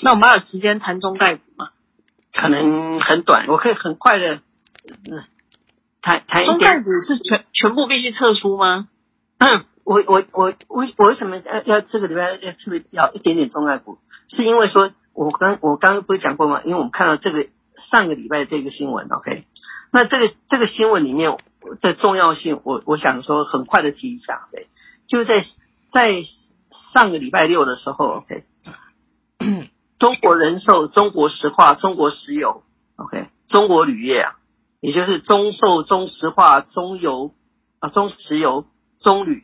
那我們還有時間談中概股嗎？可能很短，我可以很快的談談。中概股是全全部必須撤出嗎？ 我我我我我為什麼要要這個禮拜要特別聊一點點中概股？是因為說我剛，我剛我剛不是講過嗎？因為我們看到這個上個禮拜這個新聞，OK？那這個這個新聞裡面的重要性，我我想說很快的提一下，對，就在在上個禮拜六的時候，OK？中國人壽、中國石化、中國石油，OK，中國鋁業啊，也就是中壽、中石化、中油，啊，中石油、中鋁，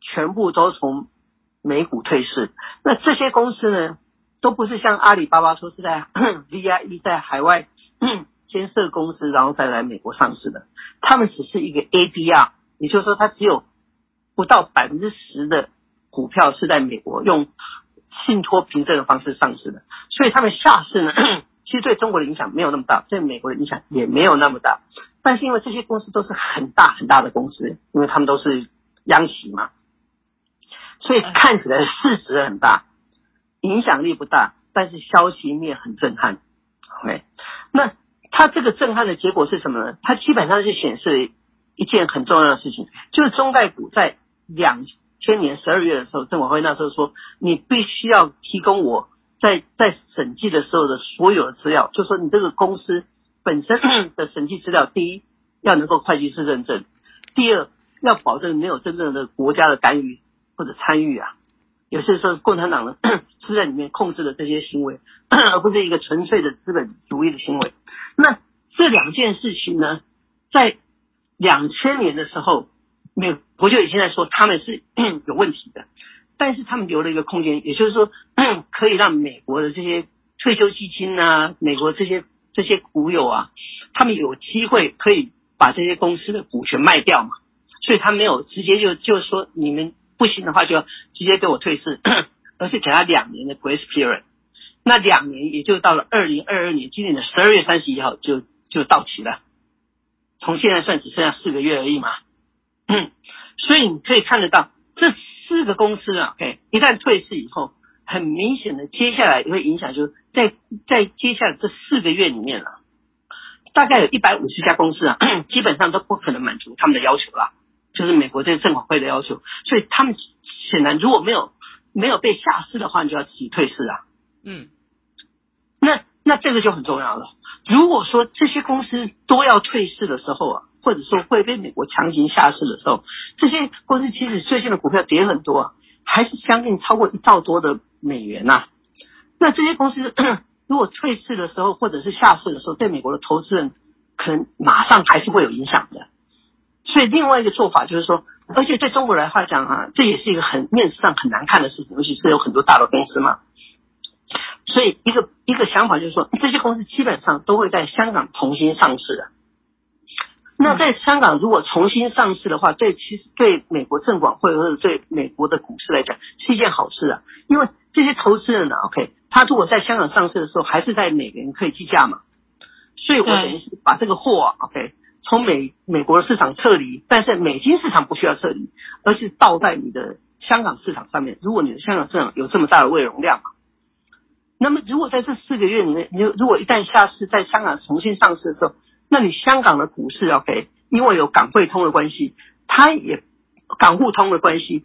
全部都從美股退市。那這些公司呢，都不是像阿里巴巴說是在咳 VIE 在海外咳監設公司，然後再來美國上市的。他們只是一個 ADR，也就是說，它只有不到百分之十的股票是在美國用。信託憑證的方式上市的，所以他們下市呢，其實對中國的影響沒有那麼大，對美國的影響也沒有那麼大。但是因為這些公司都是很大很大的公司，因為他們都是央企嘛，所以看起來市值很大，影響力不大，但是消息面很震撼。OK，那它這個震撼的結果是什麼呢？它基本上是顯示一件很重要的事情，就是中概股在兩。前年十二月的時候，證監會那時候說，你必須要提供我在在審計的時候的所有的資料，就說你這個公司本身的審計資料，第一要能夠會計師認證，第二要保證沒有真正的國家的干預或者參與啊，有些時候共產黨呢，是在裡面控制了這些行為，而不是一個純粹的資本主義的行為。那這兩件事情呢，在兩千年的時候，沒有。國舅也現在說他們是有問題的，但是他們留了一個空間，也就是說，可以讓美國的這些退休基金啊，美國這些這些股友啊，他們有機會可以把這些公司的股權賣掉嘛。所以他沒有直接就就說你們不行的話就直接給我退市，而是給他兩年的 Grace Period，那兩年也就到了二零二二年今年的十二月三十一號就就到期了，從現在算只剩下四個月而已嘛。嗯，所以你可以看得到，這四個公司啊 o、okay, 一旦退市以後，很明顯的，接下來會影響，就是在在接下來這四個月裡面啊，大概有一百五十家公司啊，基本上都不可能滿足他們的要求啦，就是美國這個證監會的要求。所以他們顯然如果沒有沒有被下市的話，你就要自己退市啊。嗯，那那這個就很重要了。如果說這些公司都要退市的時候啊。或者說會被美國強行下市的時候，這些公司其實最近的股票跌很多，還是將近超過一兆多的美元吶、啊。那這些公司如果退市的時候，或者是下市的時候，對美國的投資人可能馬上還是會有影響的。所以另外一個做法就是說，而且對中國來講啊，這也是一個很面子上很難看的事情，尤其是有很多大的公司嘛。所以一個一個想法就是說，這些公司基本上都會在香港重新上市的、啊。那在香港如果重新上市的話，對其實對美國證管或者是對美國的股市來講是一件好事啊，因為這些投資人呢、啊、，OK，他如果在香港上市的時候還是在美元可以計價嘛，所以我等於是把這個貨、啊、OK 從美美國的市場撤離，但是美金市場不需要撤離，而是倒在你的香港市場上面。如果你的香港市場有這麼大的胃容量嘛，那麼如果在這四個月裡面，你如果一旦下市在香港重新上市的時候。那你香港的股市要、啊、給，因為有港匯通的關係，它也港互通的關係，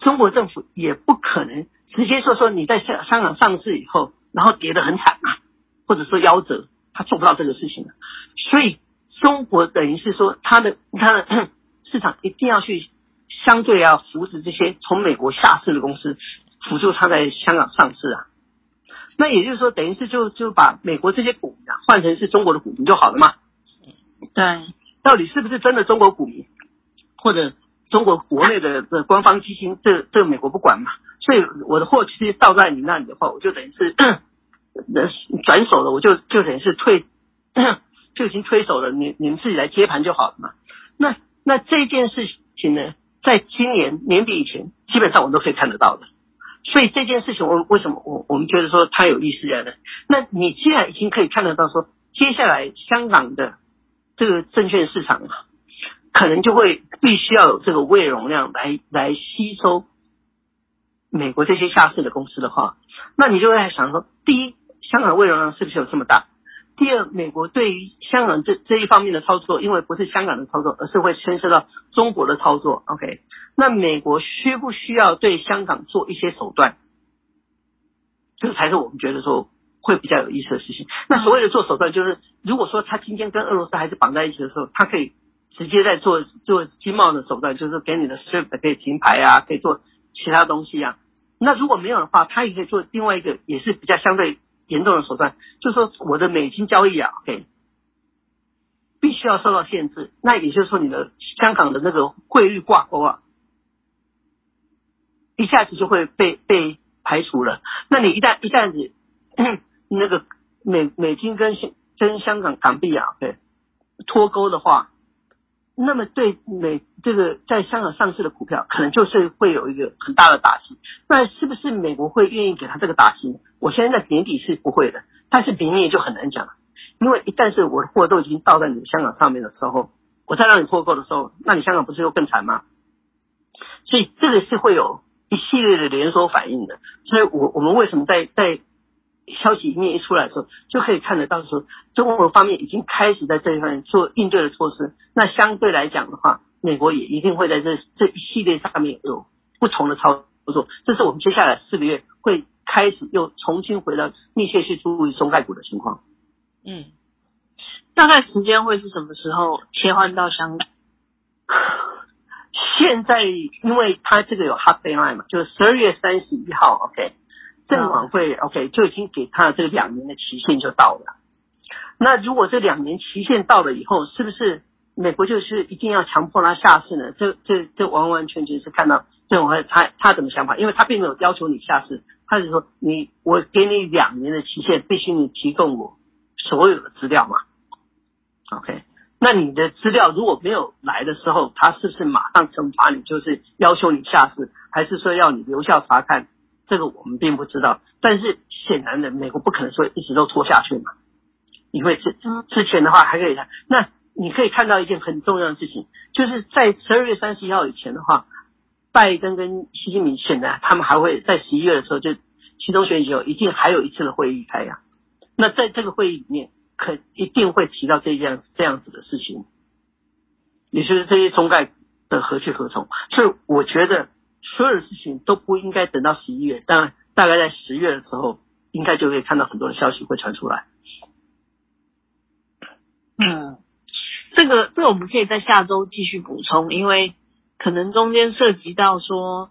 中國政府也不可能直接說說你在香香港上市以後，然後跌得很慘啊，或者說夭折，他做不到這個事情的、啊。所以中國等於是說，他的他的市場一定要去相對要扶持這些從美國下市的公司，輔助他在香港上市啊。那也就是說，等於是就就把美國這些股民換成是中國的股民就好了嘛？對。到底是不是真的中國股民，或者中國國內的、的官方基金，這個這個美國不管嘛？所以我的貨其實倒在你那裡的話，我就等於是轉手了，我就就等於是退，就已經推手了，你你們自己來接盤就好了嘛。那那這件事情呢，在今年年底以前，基本上我都可以看得到的。所以這件事情，我為什麼我我們覺得說它有意思了呢？那你既然已經可以看得到說，接下來香港的這個證券市場啊，可能就會必須要有這個胃容量來來吸收美國這些下市的公司的話，那你就會在想說，第一，香港的胃容量是不是有這麼大？第二，美國對於香港這這一方面的操作，因為不是香港的操作，而是會牽涉到中國的操作。OK，那美國需不需要對香港做一些手段？這才是我們覺得說會比較有意思的事情。那所謂的做手段，就是如果說他今天跟俄羅斯還是綁在一起的時候，他可以直接在做做經貿的手段，就是給你的 SWIFT 可以停牌啊，可以做其他東西啊。那如果沒有的話，他也可以做另外一個，也是比較相對。嚴重的手段，就是說我的美金交易啊，OK，必須要受到限制。那也就是說，你的香港的那個匯率掛鈎啊，一下子就會被被排除了。那你一旦一下子那個美美金跟香跟香港港幣啊，OK，脫鈎的話。那麼對美這個在香港上市的股票，可能就是會有一個很大的打擊。那是不是美國會願意給他這個打擊？我現在年底是不會的，但是明年也就很難講了。因為一旦是我的貨都已經到在你香港上面的時候，我再讓你脫鉤的時候，那你香港不是又更慘嗎？所以這個是會有一系列的連鎖反應的。所以我我們為什麼在在？消息一面一出來的時候，就可以看得到，說中國方面已經開始在這一方面做應對的措施。那相對來講的話，美國也一定會在這這一系列上面有不同的操作。這是我們接下來四個月會開始又重新回到密切去注意中概股的情況。嗯，大概時間會是什麼時候切換到香港？現在因為它這個有 Happy Day 嘛，就十二月三十一號，OK。證管會 OK 就已經給他這個兩年的期限就到了，那如果這兩年期限到了以後，是不是美國就是一定要強迫他下市呢？這這這完完全全是看到證管會他他怎麼想法？因為他並沒有要求你下市，他就說你，我給你兩年的期限，必須你提供我所有的資料嘛。OK，那你的資料如果沒有來的時候，他是不是馬上懲罰你？就是要求你下市，還是說要你留校查看？這個我們並不知道，但是顯然的，美國不可能說一直都拖下去嘛。你會之之前的話還可以看、嗯，那你可以看到一件很重要的事情，就是在十二月三十一號以前的話，拜登跟習近平顯然他們還會在十一月的時候，就其中選舉後一定還有一次的會議開呀、啊。那在這個會議裡面，可一定會提到這樣這樣子的事情，也就是這些中概的何去何從。所以我覺得。所有的事情都不應該等到十一月，但大概在十月的時候，應該就可以看到很多的消息會傳出來。嗯，這個這個我們可以在下周繼續補充，因為可能中間涉及到說，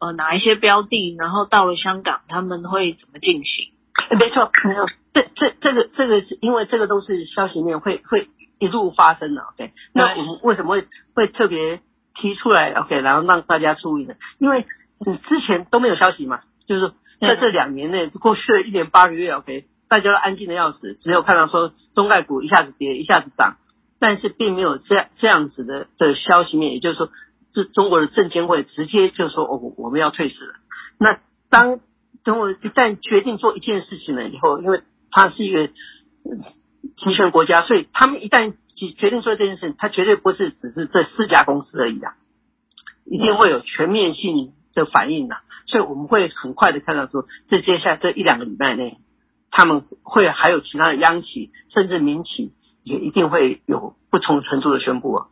呃，哪一些標的，然後到了香港他們會怎麼進行？沒錯，沒有，這這這個這個是因為這個都是消息面會會一路發生的。OK，那我們為什麼會會特別？提出來，OK，然後讓大家注意的，因為你之前都沒有消息嘛，就是說在這兩年內，過去了一年八個月，OK，大家都安靜的要死，只有看到說中概股一下子跌，一下子漲，但是並沒有這樣這樣子的的消息面，也就是說，這中國的證監會直接就說，哦，我們要退市了。那當中國一旦決定做一件事情了以後，因為它是一個集權國家，所以他們一旦你決定做這件事，它絕對不是只是這四家公司而已啊，一定會有全面性的反應的啊，所以我們會很快的看到說，這接下來這一兩個禮拜內，他們會還有其他的央企甚至民企也一定會有不同程度的宣布啊。